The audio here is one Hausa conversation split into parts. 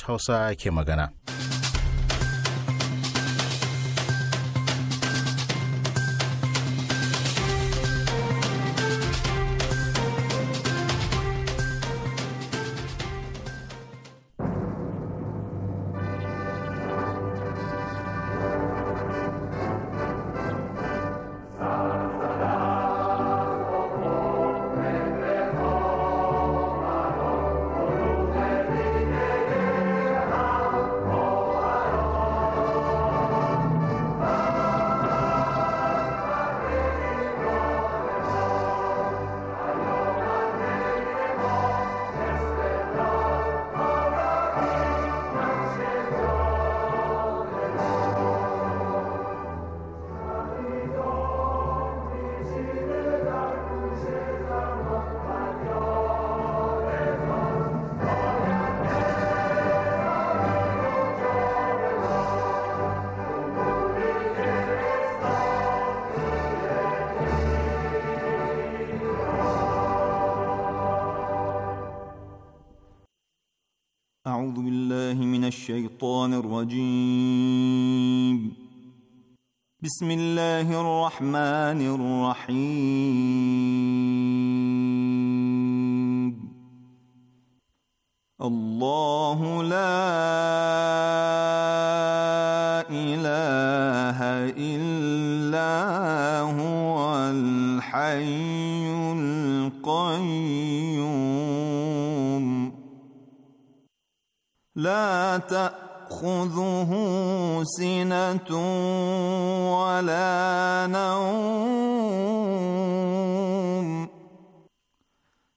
Hausa ke magana.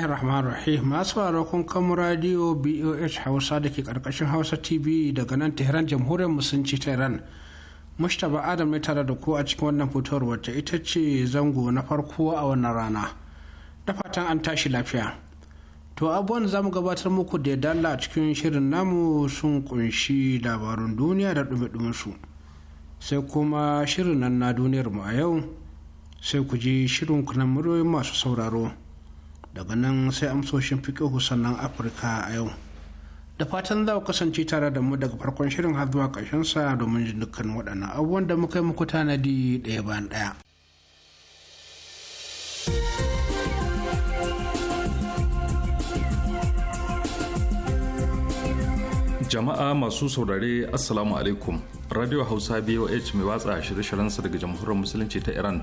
bismillahir rahmanir rahim masu kun kamar radio boh hausa da ke karkashin hausa tv daga nan tehran jamhuriyar musulunci ta iran mustapha adam ne tare da ku a cikin wannan fitowar wacce ita ce zango na farko a wannan rana da fatan an tashi lafiya to abubuwan za mu gabatar muku da dala a cikin shirin namu sun kunshi labarun duniya da dumi su sai kuma shirin nan na duniyar mu a yau sai ku ji shirin kunan masu sauraro daga nan sai amsoshin fiƙihu sannan afirka a yau da fatan za ku kasance tare da mu daga farkon shirin har zuwa sa domin jin dukkan waɗannan abubuwan da muka yi muku tanadi ɗaya bayan ɗaya. jama'a masu saurare assalamu alaikum radio hausa boh mai watsa shirye-shiryensa daga jamhuriyar musulunci ta iran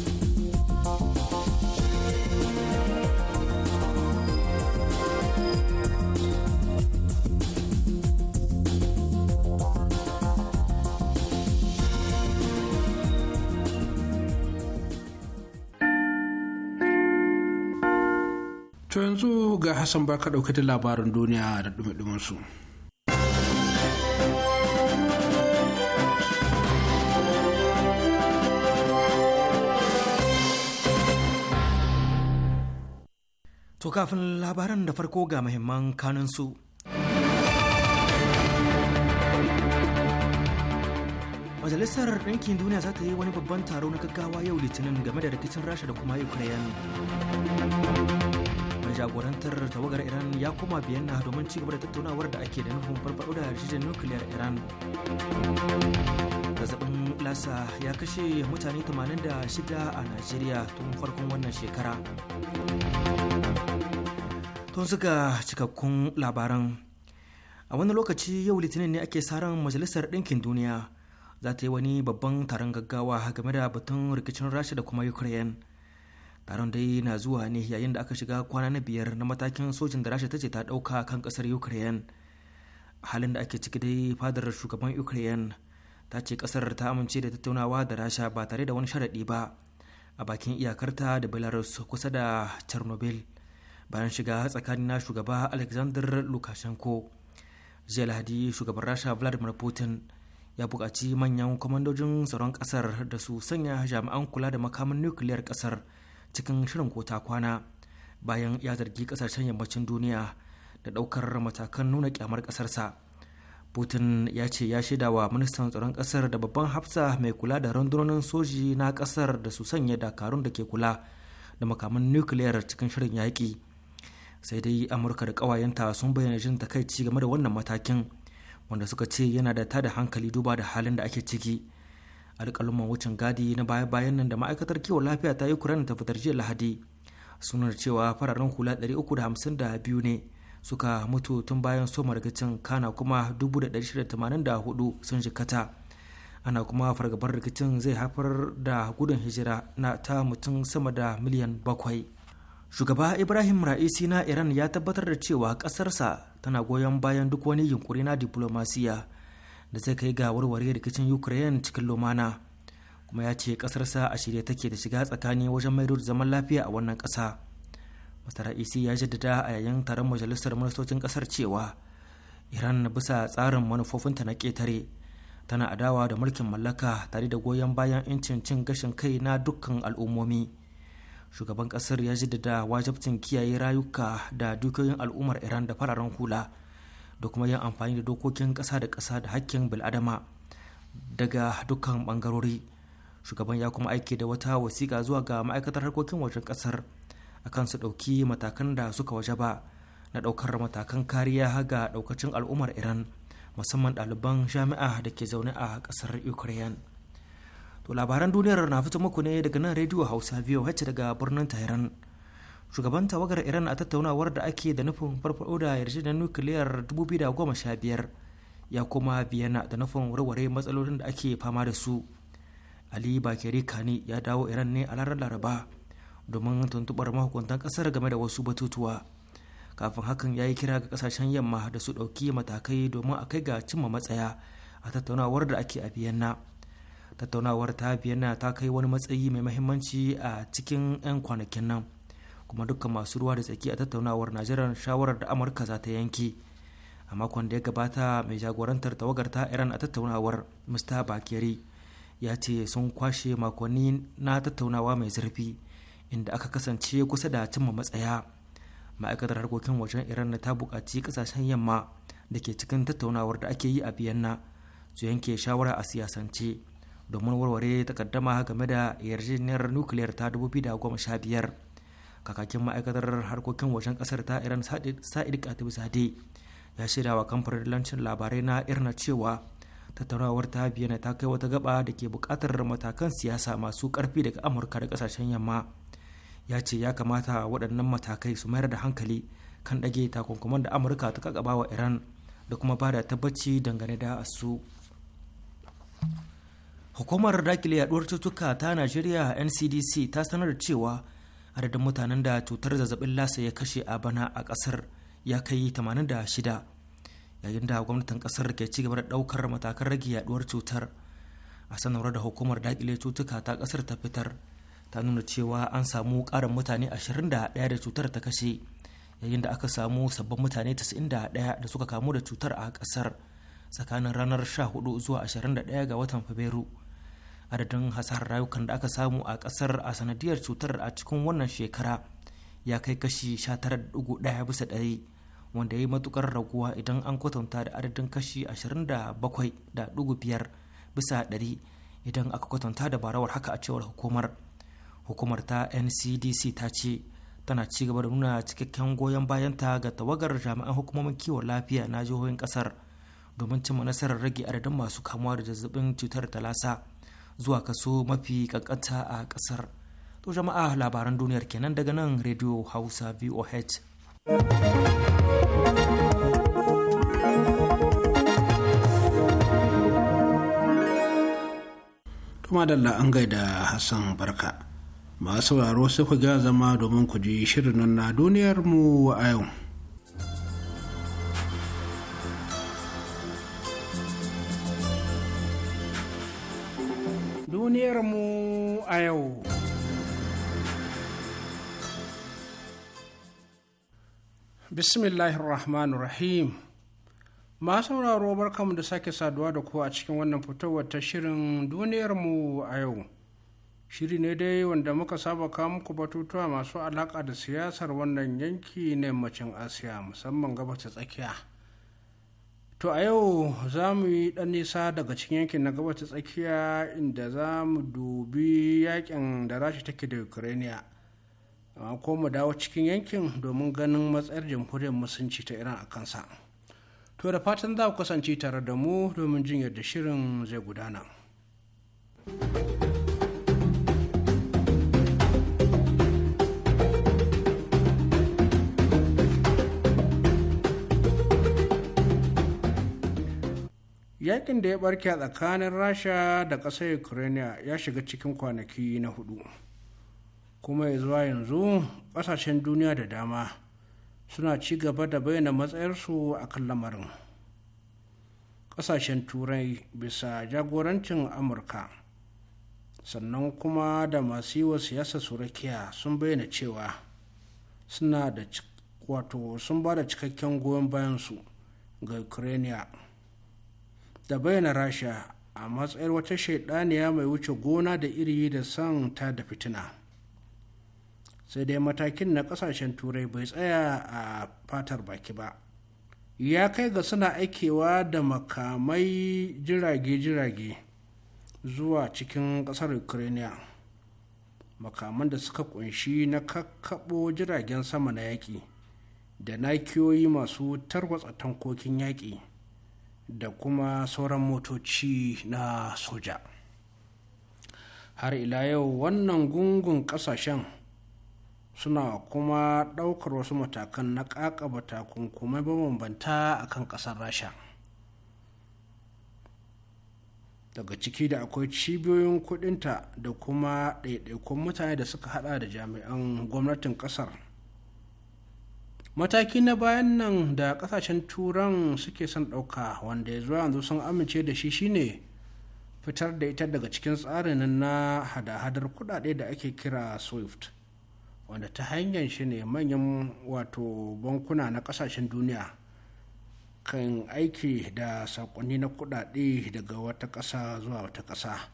yanzu ga Hassan baka ɗauke da labarin duniya da ɗume su. To kafin labaran da farko ga muhimman kanunsu. Majalisar Ɗinkin Duniya za ta yi wani babban taro na gaggawa yau Litinin game da rikicin Rasha da kuma Ukraine. jagorantar tawagar iran ya koma biyanna domin cigaba da tattaunawar da ake da nufin farfado da yarjejeniyar nukiliyar iran zazzabin lasa ya kashe mutane 86 a najeriya tun farkon wannan shekara tun suka cikakkun labaran a wani lokaci yau litinin ne ake saran majalisar ɗinkin duniya za ta yi wani babban taron gaggawa game da batun rikicin rasha da kuma ukraine taron dai na zuwa ne yayin da aka shiga kwana na biyar na matakin sojin da rasha ta ce ta dauka kan kasar ukraine halin da ake ciki dai fadar shugaban ukraine ta ce kasar ta amince da tattaunawa da rasha ba tare da wani sharaɗi ba a bakin iyakarta da belarus kusa da chernobyl bayan shiga tsakanin na shugaba alexander lukashenko jiya lahadi shugaban rasha vladimir putin ya buƙaci manyan kwamandojin tsaron kasar da su sanya jami'an kula da makamin nukiliyar kasar. cikin shirin kota kwana bayan ya zargi kasashen yammacin duniya da ɗaukar matakan nuna kyamar ƙasarsa putin ya ce ya shaida wa ministan tsaron ƙasar da babban hafsa mai kula da rundunonin soji na ƙasar da su sanya dakarun da ke kula da makaman nukiliyar cikin shirin yaƙi sai dai amurka da ƙawayenta sun bayyana jin takaici game da wannan matakin wanda suka ce yana da tada hankali duba da halin da ake ciki alƙaluman wucin gadi na baya-bayan nan da ma'aikatar kiwon lafiya ta ukraine ta fitar jiya lahadi sunar cewa fararen hula 352 ne suka mutu tun bayan soma rikicin kana kuma 1,684 sun jikata ana kuma fargabar rikicin zai haifar da gudun hijira na ta mutum sama da miliyan bakwai shugaba ibrahim ra'isi na iran ya tabbatar da cewa ƙasarsa tana goyon bayan duk wani yunkuri na diplomasiya da zai kai ga warware rikicin ukraine cikin lumana kuma ya ce ƙasarsa a shirye take da shiga tsakani wajen maido da zaman lafiya a wannan ƙasa mr isi ya jaddada a yayin taron majalisar ministocin ƙasar cewa iran na bisa tsarin manufofinta na ƙetare tana adawa da mulkin mallaka tare da goyon bayan incin cin gashin kai na dukkan al'ummomi shugaban kasar ya jaddada wajabcin kiyaye rayuka da dukiyoyin al'ummar iran da fararen hula da kuma yin amfani da dokokin ƙasa da kasa da hakkin bil'adama daga dukkan bangarori shugaban ya kuma aiki da wata wasiƙa zuwa ga ma'aikatar harkokin wajen ƙasar akan su ɗauki matakan da suka waje ba na ɗaukar matakan kariya ga ɗaukacin al'ummar iran musamman ɗaliban jami'a da ke zaune a ƙasar ukraine to labaran duniyar na fito muku ne daga nan rediyo hausa biyu wacce daga birnin tehran shugaban tawagar iran a tattaunawar da ake da nufin farfado da yarjejeniyar nukiliyar 2015 ya kuma biyana da nufin warware matsalolin da ake fama da su ali bakari kani ya dawo iran ne a ranar laraba domin tuntubar mahukuntan kasar game da wasu batutuwa kafin hakan ya yi kira ga kasashen yamma da su ɗauki matakai domin a kai ga cimma matsaya a tattaunawar da ake a biyanna tattaunawar ta biyanna ta kai wani matsayi mai mahimmanci a cikin 'yan kwanakin nan kuma dukkan masu ruwa da tsaki a tattaunawar na shawarar da amurka za ta yanke a makon da ya gabata mai jagorantar tawagar ta iran a tattaunawar mr bakeri ya ce sun kwashe makonni na tattaunawa mai zurfi inda aka kasance kusa da cimma matsaya ma'aikatar harkokin wajen iran ta buƙaci kasashen yamma da ke cikin tattaunawar da ake yi a biyanna su yanke shawara a siyasance domin warware takaddama game da yarjejeniyar nukiliyar ta 2015 kakakin ma'aikatar harkokin wajen kasar ta iran sa'id katib zade ya shirya wa kamfanin lancin labarai na irna cewa tattaunawar ta biyana ta kai wata gaba da ke bukatar matakan siyasa masu karfi daga amurka da kasashen yamma ya ce ya kamata waɗannan matakai su mayar da hankali kan ɗage takunkuman da amurka ta kakaba wa iran da kuma ba da tabbaci dangane da su hukumar dakile yaduwar cutuka ta najeriya ncdc ta sanar da cewa adadin mutanen da cutar zazzabin lasa ya kashe a bana a kasar ya kai 86 yayin da gwamnatin kasar ke ci gaba da daukar matakan rage yaduwar cutar a sanar da hukumar dakile cutuka ta kasar ta fitar ta nuna cewa an samu karin mutane 21 da cutar ta kashe yayin da aka samu sabbin mutane 91 da suka kamu da cutar a kasar tsakanin ranar 14 zuwa 21 ga watan fabrairu adadin hasarar rayukan da aka samu a kasar a sanadiyar cutar a cikin wannan shekara ya kai kashi 19.1 bisa ɗari wanda ya yi matukar raguwa idan an kwatanta da adadin kashi 27.5 bisa ɗari idan aka kwatanta da barawar haka a cewar hukumar hukumar ta ncdc ta ce tana ci gaba da nuna cikakken goyon bayanta ga tawagar jami'an hukumomin kiwon lafiya na jihohin kasar domin cimma nasarar rage adadin masu kamuwa da zazzabin cutar talasa lasa zuwa kaso mafi kankanta a kasar to jama'a labaran duniyar kenan daga nan radio hausa voh kuma da an gaida hassan barka masu sauraro sai ku ga zama domin ku ji shirin na duniyar mu a yau duniyarmu a yau. Bismillahirrahmanirrahim. Ma sauraro barkamu da sake saduwa da ku a cikin wannan fitowar ta shirin mu a yau. Shiri ne dai wanda muka saba kawo muku batutuwa masu alaƙa da siyasar wannan yanki na yammacin Asiya musamman gabata tsakiya. To a yau za mu yi ɗan nisa daga cikin yankin na ta tsakiya inda za mu dubi yakin da rashi take da Ukraina. Amma ko mu dawo cikin yankin domin ganin matsayar jamhuriyar musulunci ta Iran a kansa. To da fatan za ku kasance tare da mu domin jin yadda shirin zai gudana. yakin da ya barke a tsakanin rasha da ƙasar ukraine ya shiga cikin kwanaki na hudu kuma ya zuwa yanzu ƙasashen duniya da dama suna ci gaba da bayyana matsayarsu a kan lamarin ƙasashen turai bisa jagorancin amurka sannan kuma da masu yi wa siyasa surakiya sun bayyana cewa suna da wato sun ba da cikakken goyon bayansu ga ukraine da bayyana rasha a matsayin wata shaidaniya mai wuce gona da iri da son ta da fitina sai dai matakin na kasashen turai bai tsaya a fatar baki ba ya kai ga suna aikewa da makamai jirage-jirage zuwa cikin kasar ukraine makaman da suka kunshi na kakkaɓo jiragen sama na yaƙi da nakiyoyi masu tarwatsa tankokin yaƙi da kuma sauran motoci na soja har ila yau wannan gungun kasashen suna kuma ɗaukar wasu matakan na ƙaƙaba takunkumai mabambanta a kan ƙasar rasha daga ciki da akwai cibiyoyin kudinta da kuma ɗaiɗaikun mutane da suka hada da jami'an gwamnatin ƙasar mataki na bayan nan da kasashen turan suke son ɗauka wanda ya zuwa yanzu sun amince da shi shine fitar da ita daga cikin tsarin na hada-hadar kudade da ake kira swift wanda ta hanyar shi ne manyan wato bankuna na kasashen duniya kan aiki da saƙonni na kudade daga wata ƙasa zuwa wata ƙasa.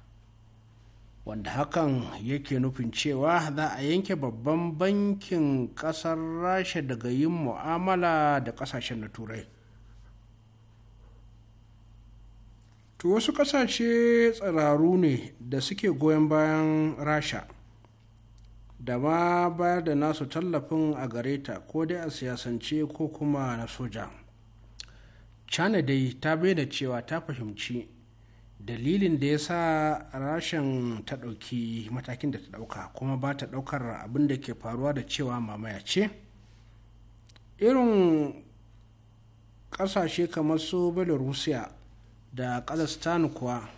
wanda hakan yake nufin cewa za a yanke babban bankin kasar rasha daga yin mu'amala da kasashen na turai to wasu kasashe tsiraru ne da suke goyon bayan rasha da ma bayar da nasu tallafin a gare ta ko dai a siyasance ko kuma na soja china dai ta da cewa ta fahimci dalilin da ya sa rashin ta ɗauki matakin da ta ɗauka kuma ba ta ɗaukar abin da ke faruwa da cewa mamaya ce irin ƙasashe kamar su belarusiya da kazakhstan kuwa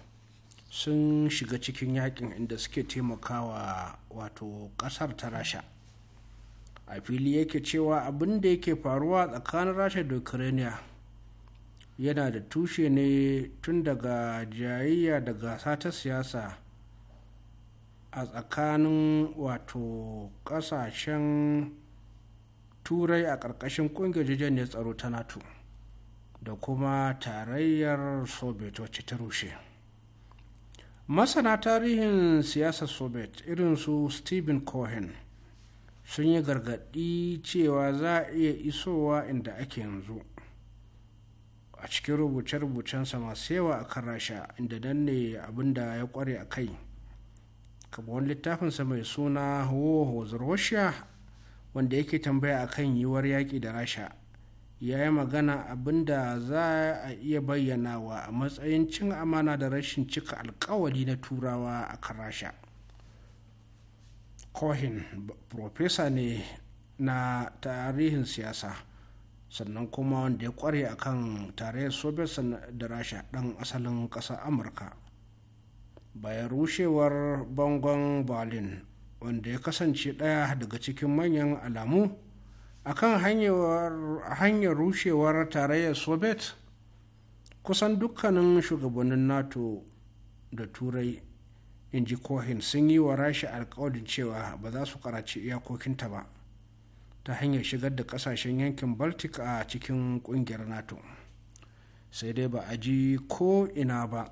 sun shiga cikin yakin inda suke taimakawa wato ƙasar ta rasha a fili yake cewa abin da yake faruwa tsakanin rasha da ukraine yana da tushe ne tun daga jayayya da gasa ta siyasa a tsakanin wato kasashen turai a ƙarƙashin ƙungiyar jijiyar tsaro ta nato da kuma tarayyar soviet wacce ta rushe masana tarihin siyasar soviet irin su stephen cohen sun yi gargaɗi cewa za a iya isowa inda ake yanzu a cikin rubuce-rubucensa masu yawa a kan rasha inda nan ne abin da ya kware a kai kamar littafinsa mai suna war russia wanda yake tambaya a kan yiwuwar yaƙi da rasha ya yi magana abin da za a iya bayyanawa a matsayin cin amana da rashin cika alkawali na turawa a kan rasha cohen profesa ne na tarihin siyasa sannan kuma wanda ya kware a kan tarayyar soviet da rasha ɗan asalin ƙasar amurka bayan rushewar bangon berlin wanda ya kasance ɗaya daga cikin manyan alamu a kan hanyar rushewar tarayyar soviet kusan dukkanin shugabannin nato da turai in ji cohen sun yi wa rasha alkawarin cewa ba za su karaci iyakokinta ba ta hanyar shigar da kasashen yankin baltic a cikin kungiyar nato sai dai ba a ji ko ina ba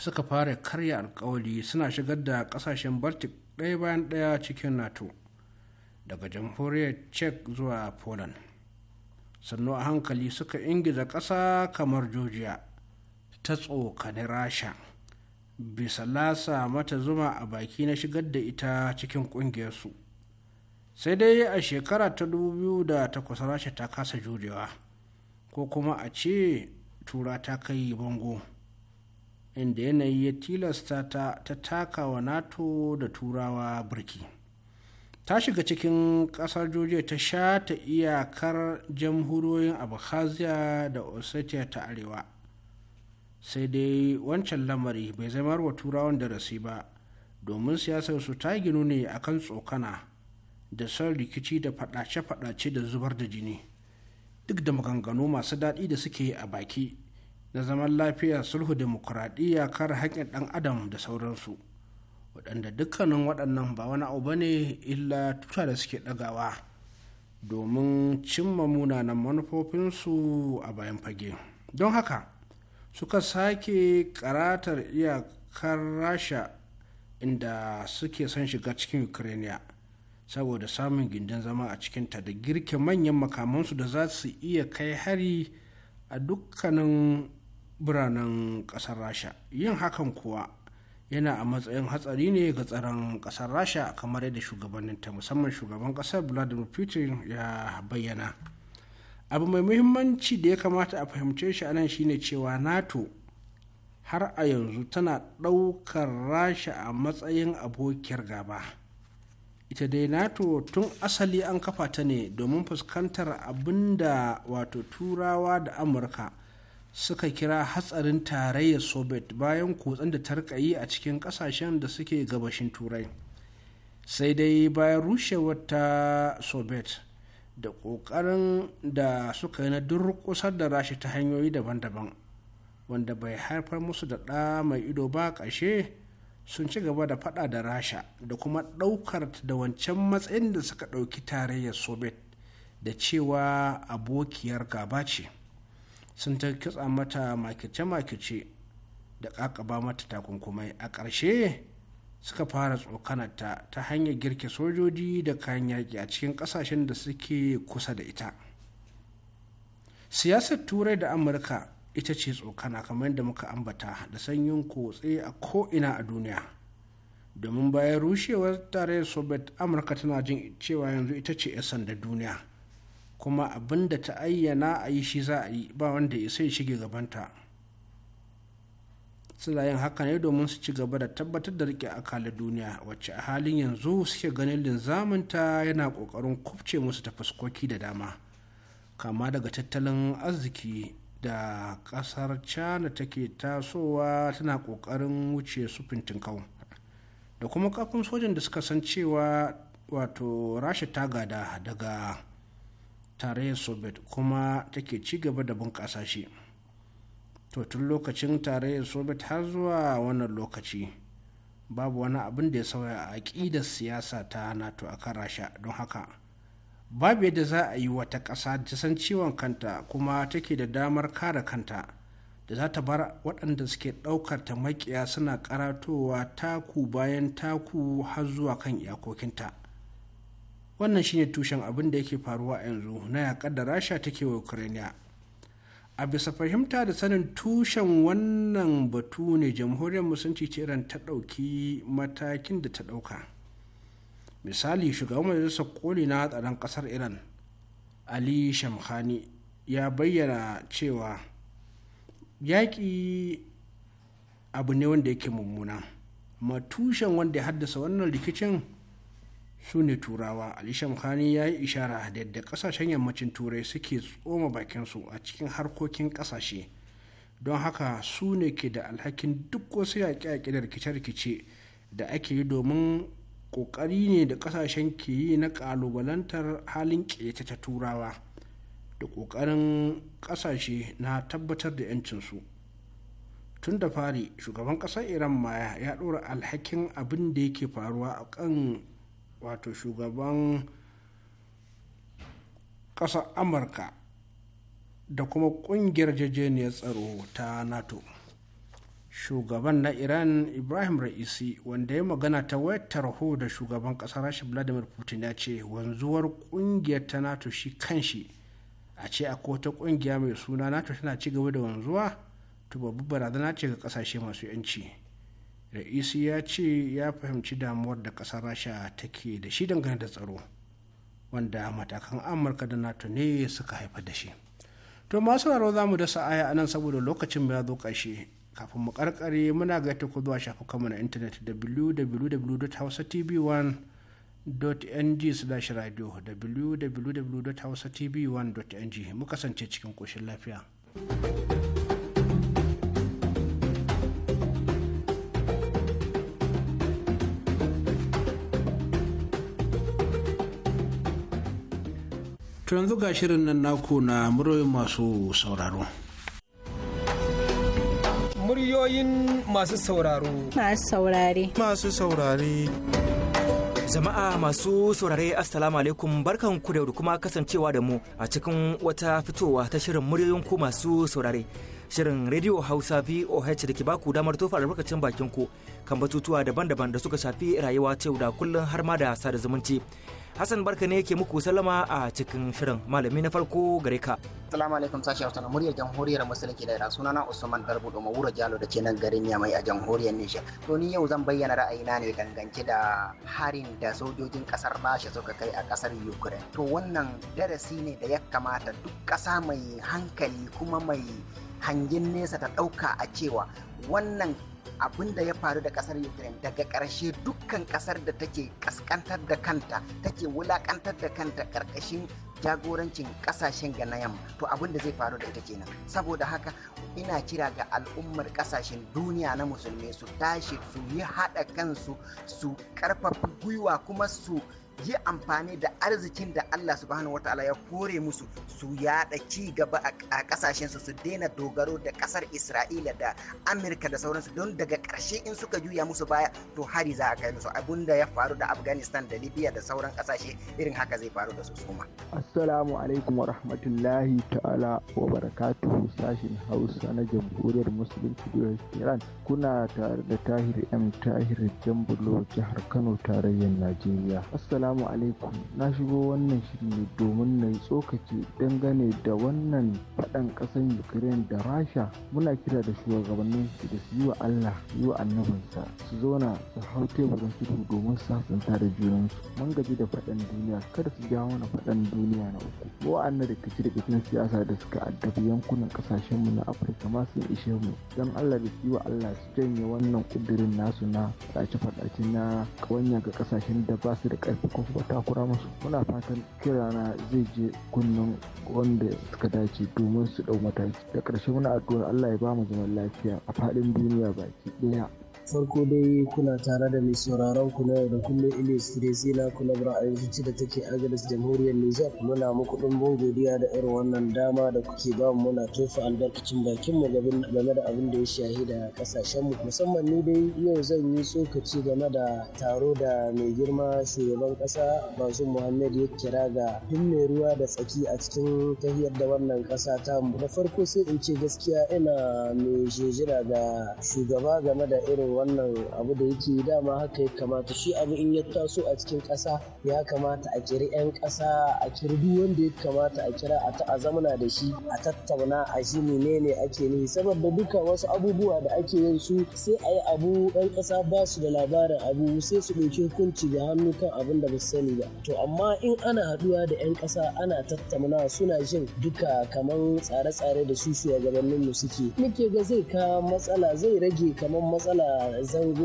suka fara karya alkawali suna shigar da kasashen baltic ɗaya bayan ɗaya cikin nato daga jamhuriyar czech zuwa poland sannu a hankali suka ingiza ƙasa kamar georgia ta tsokani rasha bisa lasa mata zuma a baki na shigar da ita cikin ƙungiyarsu sai dai a shekara ta 2008 rasha ta kasa jurewa ko kuma a ce tura ta kai bango inda yanayi ya tilasta ta ta taka wa nato da turawa birki ta shiga cikin kasar jojiya ta sha ta iyakar jamhuriyoyin abkhazia da ossetia ta arewa sai dai wancan lamari bai zama wa turawan da rasi ba domin siyasar su ta ginu ne akan tsokana da son rikici da faɗace-faɗace da zubar da jini duk da maganganu masu daɗi da suke yi a baki na zaman lafiya sulhu demokuraɗiyya kar haƙƙin ɗan adam da sauransu waɗanda dukkanin waɗannan ba wani abu bane illa tuta da suke ɗagawa domin cimma munanan manufofinsu a bayan fage don haka suka sake karatar iyakar rasha inda suke son shiga cikin ukraine saboda samun gindin zama a cikinta da girke manyan makamansu da za su iya kai hari a dukkanin biranen ƙasar rasha yin hakan kuwa yana a matsayin hatsari ne ga tsaron ƙasar rasha kamar yadda shugabanninta musamman shugaban ƙasar vladimir putin ya bayyana abu mai muhimmanci da ya kamata a fahimce shi anan shine cewa nato har a yanzu tana ɗaukar rasha a matsayin abokiyar gaba. ita dai nato tun asali an kafa ta ne domin fuskantar abin da wato turawa da amurka suka kira hatsarin tarayyar soviet bayan kutsen da tarkayi a cikin kasashen da suke gabashin turai sai dai bayan rushewar ta soviet da kokarin da suka yi na durƙusar da rashi ta hanyoyi daban-daban wanda bai haifar musu da ɗa mai ido ba ƙashe sun ci gaba da fada da rasha da kuma daukar da wancan matsayin da suka dauki tarayyar soviet da cewa abokiyar gaba ce sun ta kitsa mata makice-makice da kakaba mata takunkumai a ƙarshe suka fara tsokanarta ta hanyar girke sojoji da kayan yaƙi a cikin ƙasashen da suke kusa da ita siyasar turai da amurka ita ce tsokana kamar da muka ambata da sanyin kotse a ko'ina a duniya domin bayan rushewar tarayyar soviet amurka tana jin cewa yanzu ita ce 'yan sanda duniya kuma abin da ta ayyana a yi shi za a yi ba wanda ya sai shige gabanta suna haka ne domin su ci gaba da tabbatar da rike akalar duniya wacce a halin yanzu suke ganin linzaminta yana kokarin kufce musu ta fuskoki da dama kama daga tattalin arziki da kasar china take tasowa tana kokarin wuce su fintinkau da kuma kafin sojan da suka san cewa wato rasha ta gada daga tarayyar soviet kuma take ci gaba da bunƙasa shi to tun lokacin tarayyar soviet har zuwa wannan lokaci babu wani abin da ya sauya a aƙidar siyasa ta nato akan rasha don haka babu yadda za a yi wata ƙasa ta san ciwon kanta kuma take da damar kare kanta da za ta bar waɗanda suke ɗaukar ta maƙiya suna karatowa taku bayan taku har zuwa kan iyakokinta wannan shine tushen abin da yake faruwa a yanzu na yaƙar da rasha take wa ukraina a bisa fahimta da sanin tushen wannan batu ne jamhuriyar musulunci ce iran ta ɗauki matakin da ta ɗauka misali shugaban majalisar koli na tsaron kasar iran ali shamkhani ya bayyana cewa yaƙi abu ne wanda yake mummuna matushen wanda ya haddasa wannan rikicin su ne turawa ali shamkhani ya yi ishara da yadda kasashen yammacin turai suke tsoma bakinsu a cikin harkokin kasashe don haka su ne ke da alhakin duk wasu yaƙi-yaƙi da rikice-rikice da ake yi domin ƙoƙari ne da ƙasashen ke yi na ƙalubalantar halin ƙeta ta turawa da ƙoƙarin ƙasashe na tabbatar da 'yancinsu tun da fari shugaban ƙasar iran maya ya ɗora alhakin abin da yake faruwa a kan wato shugaban ƙasar amurka da kuma ƙungiyar jejeniyar tsaro ta nato shugaban na iran ibrahim ra'isi wanda ya magana ta wayar tarho da shugaban kasar rasha vladimir putin ya ce wanzuwar kungiyar ta nato shi kanshi a ce akwai wata kungiya mai suna nato tana ci gaba da wanzuwa to babu barazana ce ga kasashe masu yanci ra'isi ya ce ya fahimci damuwar da kasar rasha take da shi dangane da tsaro wanda matakan amurka da nato ne suka haifa da shi to masu raro za mu dasa aya anan saboda lokacin ya zo ƙarshe kafin mu karkare muna ga ta zuwa shafukanmu na intanet www.hausatv1.ng slash radio www.hausatv1.ng mu kasance cikin koshin lafiya. To yanzu ga shirin nan naku na muryoyin masu sauraro. muryoyin masu sauraro. Masu saurare. Masu saurare. Jama'a masu saurare Assalamu alaikum barkan ku da kuma kasancewa da mu a cikin wata fitowa ta shirin muryoyin ku masu saurare. Shirin Radio Hausa VOH da ke baku damar tofa albarkacin bakin ku kan batutuwa daban-daban da suka shafi rayuwa ta da kullum har ma da sada zumunci. Hassan barka ne ke muku salama a cikin shirin malami na farko gare ka. Assalamu alaikum sashi hausa na muryar jamhuriyar musulunci da ira sunana Usman garbu da Wura Jalo da ke nan garin mai a jamhuriyar Nijar. To ni yau zan bayyana ra'ayina ne dangance da harin da sojojin kasar Rasha suka kai a kasar Ukraine. To wannan darasi ne da ya kamata duk kasa mai hankali kuma mai hangen nesa ta ɗauka a cewa wannan abin da ya faru da kasar ukraine daga ƙarshe dukkan kasar da take kaskantar da kanta take wulaƙantar da kanta ƙarƙashin jagorancin ƙasashen ga na yamma to abin da zai faru da ita kenan saboda haka ina kira ga al'ummar ƙasashen duniya na musulmi su tashi su yi haɗa kansu su ƙarfafa gwiwa kuma su yi amfani da arzikin da Allah subhanahu ta'ala ya kore musu su yada ci gaba a kasashen su su daina dogaro da kasar Isra'ila da Amurka da sauransu don daga karshe in suka juya musu baya to hari za a kai musu abinda ya faru da Afghanistan da Libya da sauran kasashe irin haka zai faru da su suma. Assalamu alaikum wa rahmatullahi ta'ala wa barakatuhu sashin Hausa na Jamhuriyar Musulunci da Iran kuna tare da Tahir M Tahir Jambulo jihar Kano tarayyar Najeriya. Assalamu Assalamu alaikum. Na shigo wannan shiri ne domin na yi tsokaci dangane da wannan faɗan ƙasar Ukraine da Rasha. Muna kira da shugabannin su da su yi wa Allah, yi wa annabinsa, su zauna su hau teburin shiru domin sasanta da junansu. Mun gaji da faɗan duniya, kada su jawo mana faɗan duniya na uku. da Wa'annan da rikicin siyasa da suka addabi yankunan ƙasashenmu na Afirka ma sun ishe mu. Don Allah da su yi wa Allah su janye wannan ƙudurin nasu na ɗaci faɗace na ƙawanya ga ƙasashen da ba su da ƙarfi ko kuma takura musu muna fatan kirana zai je kunnen wanda suka dace domin su dau mataki da ƙarshe muna addu'ar allah ya bamu zaman lafiya a faɗin duniya baki ɗaya farko dai kuna tare da mai sauraron ku na yau da kullum ilis tiresi na a yanzu da take agaris jamhuriyar nijar muna muku ɗumbin godiya da irin wannan dama da kuke ba mu muna tofa albarkacin bakin mu game da abin da ya shahi da kasashen mu musamman ni dai yau zan yi tsokaci game da taro da mai girma shugaban kasa masu muhammed ya kira ga duk mai ruwa da tsaki a cikin tahiyar da wannan kasa ta mu da farko sai in ce gaskiya ina mai jejira ga shugaba game da irin wannan abu da yake dama haka ya kamata shi abu in ya taso a cikin ƙasa ya kamata a kiri 'yan ƙasa a kiri duk wanda ya kamata a kira a zamana da shi a tattauna a shi menene ake ne. saboda duka wasu abubuwa da ake yin su sai a yi abu 'yan ƙasa ba su da labarin abu sai su ɗauki hukunci da hannu kan abin da ba sani ba to amma in ana haɗuwa da 'yan ƙasa ana tattauna suna jin duka kamar tsare-tsare da su shugabanninmu suke muke ga zai kawo matsala zai rage kamar matsala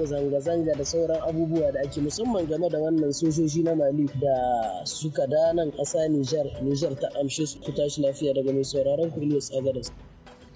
zanga-zanga da sauran abubuwa da ake musamman game da wannan sojoji na mali da suka danan ƙasa nijar nijar ta amshe su tashi lafiya daga mai sauraron ku ilyas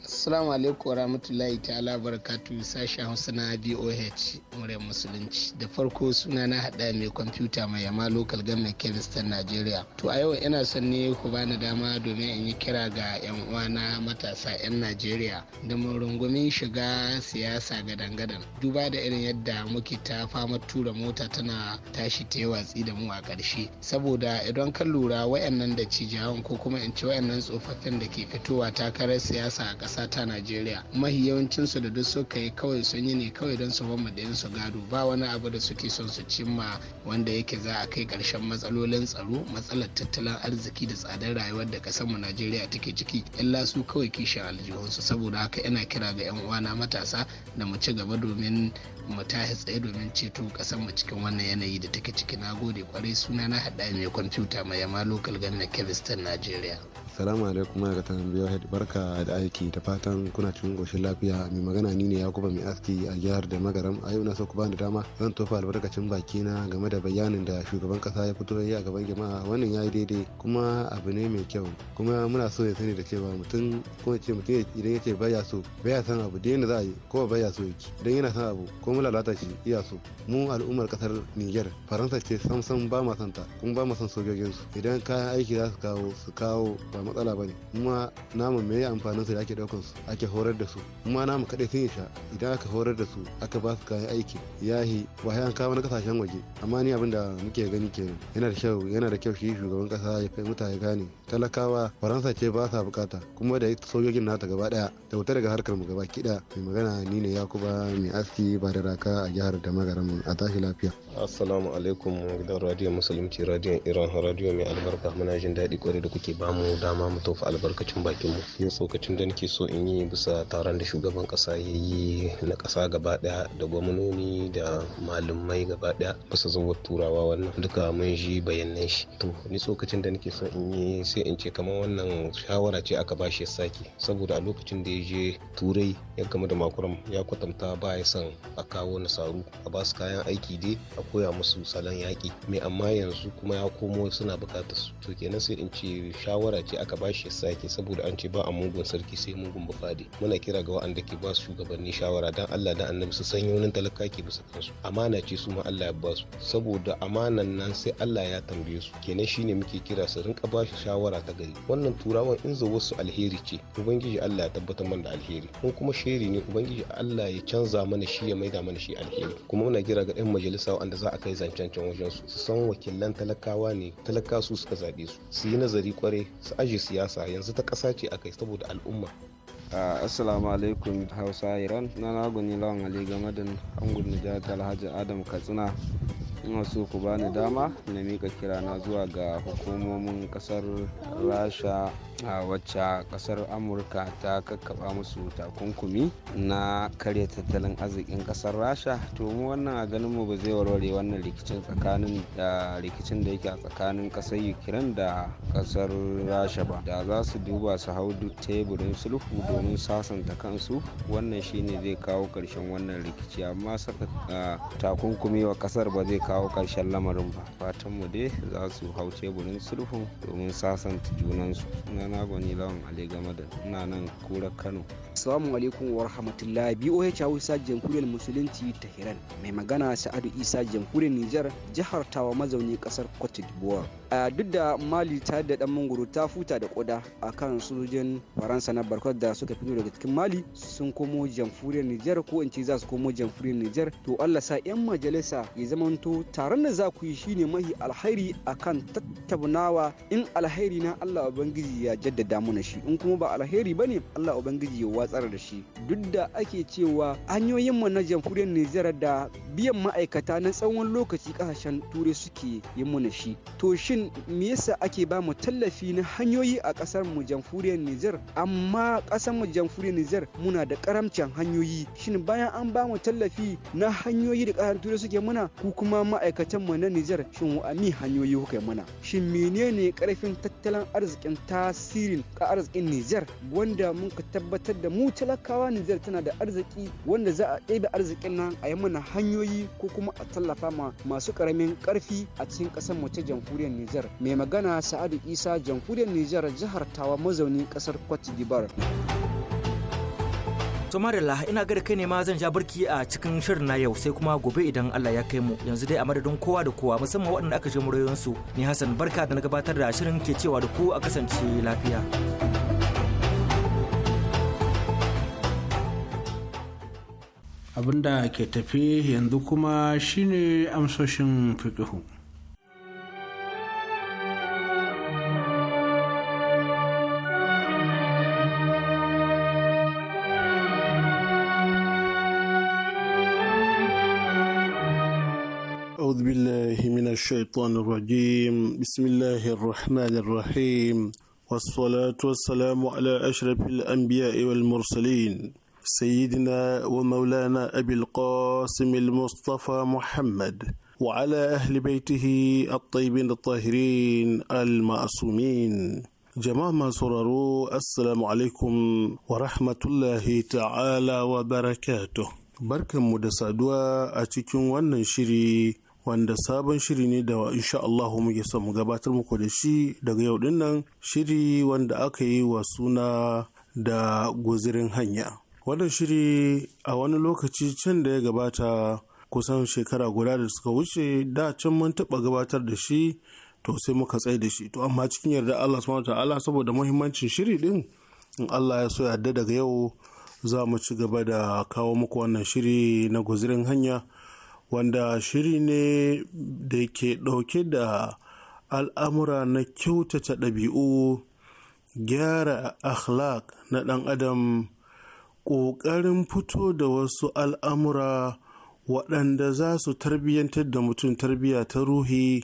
Assalamu alaikum warahmatullahi ta'ala barakatu sashi Hausa na BOH muryar musulunci. Da farko suna na hada mai kwamfuta mai yama local government kiristan Najeriya. To a yau ina son ne ku bani dama domin in yi kira ga 'yan uwana matasa 'yan Najeriya da mun rungumin shiga siyasa gadan-gadan. Duba da irin yadda muke ta fama tura mota tana tashi ta yi watsi da mu a ƙarshe. Saboda idan ka lura wayannan da cijawan ko kuma in ci wayannan tsofaffin da ke fitowa takarar siyasa a ƙasa ta najeriya mahi yawancinsu da duk suka yi kawai sun yi ne kawai don su fama da su gado ba wani abu da suke son su cimma wanda yake za a kai karshen matsalolin tsaro matsalar tattalin arziki da tsadar rayuwar da ƙasar mu najeriya take ciki illa su kawai kishin aljihunsu saboda haka yana kira ga yan uwana matasa da mu ci gaba domin mu tahi tsaye domin ceto kasar mu cikin wannan yanayi da take ciki na gode kwarai suna na haɗa mai kwamfuta mai yama lokal gannan kevistan najeriya salamu alaikum ma'aikatan biyu barka da aiki da fatan kuna cikin goshin lafiya mai magana ni ne yakuba mai aski a jihar da magaram a yau na so ku bani dama zan tofa albarkacin baki na game da bayanin da shugaban kasa ya fito yi a gaban jama'a wannan yayi daidai kuma abu ne mai kyau kuma muna so ya sani da cewa mutum ko ce mutum idan ya ce baya so baya san abu da yanda za a yi ko baya so yake idan yana san abu ko mu lalata shi iya so mu al'ummar kasar Niger Faransa ce samsam ba ma santa kuma ba ma san sojojinsu idan kayan aiki za su kawo su kawo ba matsala bane kuma namu me amfanin su da ake ɗauka ake horar da su kuma namu kaɗai sun isa idan aka horar da su aka ba su kayan aiki yahi ba sai an kawo na kasashen waje amma ni abin da muke gani kenan yana da kyau yana da kyau shi shugaban kasa ya kai mutane gane talakawa faransa ce ba sa bukata kuma da sojojin nata gaba daya da wuta daga harkar mu gaba kida mai magana ni ne yakuba mai aski ba da raka a jihar da magaram a tashi lafiya assalamu alaikum gidan radio musulunci radio iran radio mai albarka muna jin daɗi kwarai da kuke ba mu dama mu tofa albarkacin bakin mu yin tsokacin da nake so in yi bisa taron da shugaban kasa ya yi na kasa gaba daya da gwamnoni da malamai gaba daya bisa zuwa turawa wannan duka mun ji bayanan shi to ni tsokacin da nake so in yi sai in ce kamar wannan shawara ce aka bashi ya sake saboda a lokacin da ya je turai ya gama da makuram ya kwatanta ba ya son a kawo nasaru a basu kayan aiki dai a koya musu salon yaƙi mai amma yanzu kuma ya komo suna buƙatar su to kenan sai in ce shawara ce aka bashi ya sake saboda an ce ba a mugun sarki sai mugun bufade muna kira ga wa'anda ke ba su shugabanni shawara dan Allah da annabi su san yaunin talaka ke bisa kansu amana ce su ma Allah ya ba su saboda amanan nan sai Allah ya tambaye su kenan shine muke kira su rinka ba shi shawara shawara ta gari wannan turawan in zo wasu alheri ce ubangiji Allah ya tabbatar mana da alheri ko kuma shiri ne ubangiji Allah ya canza mana shi ya maida mana shi alheri kuma muna gira ga ɗan majalisa wanda za a kai zancen can wajen su su san wakilan talakawa ne talaka su suka zaɓe su su yi nazari kwarai su aje siyasa yanzu ta ƙasa ce kai saboda al'umma assalamu alaikum hausa iran na nagoni lawan ali game da angun nijata alhaji adam katsina ina so ku bani dama na mika kira na zuwa ga hukumomin kasar rasha a wacce kasar amurka ta kakkaba musu takunkumi na karya tattalin arzikin kasar rasha to mu wannan a ganin mu ba zai warware wannan rikicin tsakanin da rikicin da yake a tsakanin kasar ukraine da kasar rasha ba da za su duba su hau teburin sulhu domin sasanta kansu wannan shine zai kawo karshen wannan rikici amma saka takunkumi wa kasar ba zai kawo karshen lamarin ba fatan mu dai za su hau teburin sulhu domin sasanta junansu sunana gwani lawan ali game da ina nan kura kano Assalamu alaikum wa rahmatullah BOH Hausa Jamhuriyar Musulunci ta hiran mai magana Sa'adu Isa Jamhuriyar Nijar jihar Tawa mazauni kasar Cote d'Ivoire. A duk da Mali ta da dan mangoro ta futa da koda akan sojojin Faransa na barkar da suka fito daga cikin Mali sun komo Jamhuriyar Nijar ko in ce za su komo Jamhuriyar Nijar to Allah sa yan majalisa ya zamanto taron da za ku yi shine mahi alhairi akan tattaunawa in alhairi na Allah Ubangiji ya jaddada mana shi in kuma ba alheri bane Allah Ubangiji ya watsar da shi duk da ake cewa hanyoyin mu na jamhuriyar Nijar da biyan ma'aikata na tsawon lokaci kasashen turai suke yi muna shi to shin me yasa ake ba mu tallafi na hanyoyi a kasar mu jamhuriyar Nijar amma kasar mu jamhuriyar Nijar muna da karamcin hanyoyi shin bayan an ba mu tallafi na hanyoyi da kasar turai suke muna? ku kuma ma'aikatan mu na Nijar shin wa'ani hanyoyi kuka muna? shin menene karfin tattalin arzikin tasirin ka arzikin Nijar wanda mun ka tabbatar da mu talakawa Nijar tana da arziki wanda za a ɗebe arzikin nan a yi mana hanyoyi ko kuma a tallafa ma masu karamin karfi a cikin ƙasar mu ta jamhuriyar Nijar. Mai magana Sa'adu Isa jamhuriyar Nijar jihar Tawa mazaunin ƙasar Cote d'Ivoire. To Marilla ina ga da kai ne ma zan ja barki a cikin shirin na yau sai kuma gobe idan Allah ya kai mu yanzu dai a madadin kowa da kowa musamman waɗanda aka je murayoyinsu ni Hassan barka da na gabatar da shirin ke cewa da ku a kasance lafiya. abinda ke tafi yanzu kuma shine amsoshin fiƙihu. أعوذ بالله من الشيطان الرجيم بسم الله الرحمن الرحيم والصلاة والسلام على أشرف الأنبياء والمرسلين سيدنا ومولانا أبي القاسم المصطفى محمد وعلى أهل بيته الطيبين الطاهرين المعصومين jama'a masu sauraro assalamu wa rahmatullahi ta'ala wa barakato barkan mu da saduwa a cikin wannan shiri wanda sabon shiri ne da insha Allah muke son mu gabatar muku da shi daga yau din shiri wanda aka yi wa suna da guzirin hanya wannan shiri a wani lokaci can da ya gabata kusan shekara guda da suka wuce da can mun taɓa gabatar da shi to sai muka tsaye da shi to amma cikin yarda Allah subhanahu ta'ala saboda muhimmancin shiri din in Allah ya so yarda daga yau za mu ci gaba da kawo muku wannan shiri na guzirin hanya wanda shiri ne da ke ɗauke da al'amura na kyautata ɗabi'u gyara akhlaq na ɗan adam ƙoƙarin fito da wasu al'amura waɗanda za su tarbiyyantar da mutum tarbiyya ta ruhi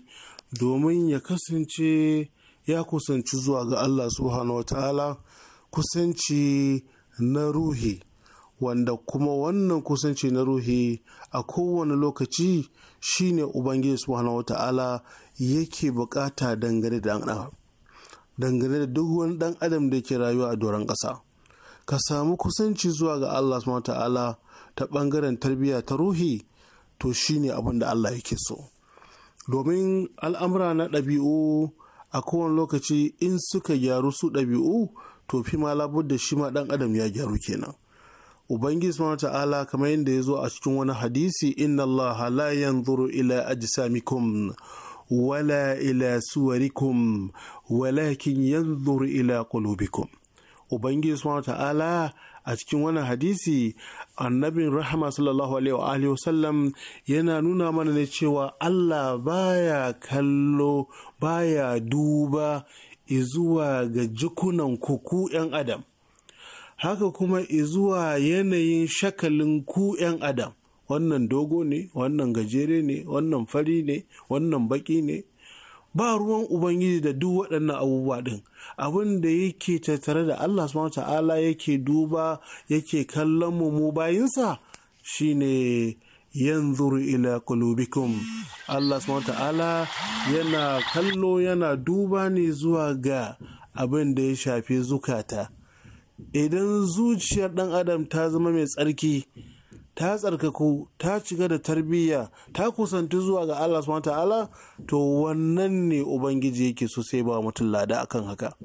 domin ya kasance ya kusanci zuwa ga Allah subhanahu wa ta'ala kusanci na ruhi wanda kuma wannan kusanci na ruhi a kowane lokaci shine ubangiji subhanahu wa ta'ala yake bukata dangane da duk wani ɗan adam da ke rayuwa a doron ƙasa ka samu kusanci zuwa ga Allah ta'ala ta Ɓangaren tarbiyya ta ruhi to shine abin da Allah yake so domin al'amura na ɗabi'u a kowane lokaci in suka gyaru su ɗabi'u to fi ma labar da shi ma ɗan adam ya gyaru kenan ubangiji subhanahu ta'ala kamar yadda ya zo a cikin wani hadisi inna Allah la yanzuru ila ajsamikum wala ila suwarikum walakin yanzuru ila qulubikum ubangiji subhanahu ta'ala a cikin wannan hadisi annabin rahama sallallahu alaihi wa sallam yana nuna mana ne cewa Allah baya kallo baya duba izuwa ga jikunan kuku 'yan adam haka kuma izuwa yanayin shakalin ku 'yan adam wannan dogo ne wannan gajere ne wannan fari ne wannan baki ne ba ruwan ubangiji da duk waɗannan abubuwa ɗin abin da yake tattare da allah subhanahu ta'ala yake duba yake kallon mu mu bayinsa shine yanzuru ila kulubikum allah subhanahu ta'ala yana kallo yana duba ne zuwa ga abin da ya shafi zukata idan zuciyar ɗan adam ta zama mai tsarki ta tsarkaku ta shiga da tarbiyya ta kusanci zuwa ga Allah subhanahu ta'ala to wannan ne ubangiji yake so sai ba mutum lada akan haka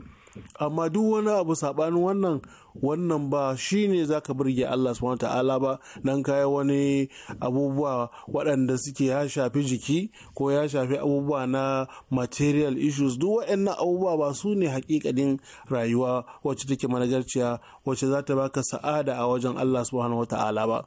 amma duk wani abu saɓanin wannan wannan ba shine zaka burge Allah subhanahu ta'ala ba dan kai wani abubuwa waɗanda suke ya shafi jiki ko ya shafi abubuwa na material issues duk waɗannan abubuwa ba su ne hakikadin rayuwa wacce take managarciya wacce za ta baka sa'ada a wajen Allah subhanahu ta'ala ba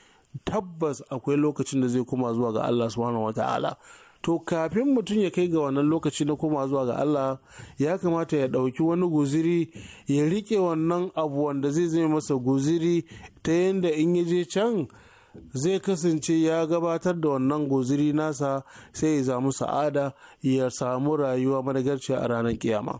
tabbas akwai lokacin da zai koma zuwa ga Allah subhanahu wata'ala to kafin mutum ya kai ga wannan lokaci na koma zuwa ga Allah ya kamata ya ɗauki wani guziri ya riƙe wannan abu wanda zai zai masa guziri ta yadda in ya je can zai kasance ya gabatar da wannan guziri nasa sai ya samu sa'ada ya samu rayuwa madagarci a ranar kiyama.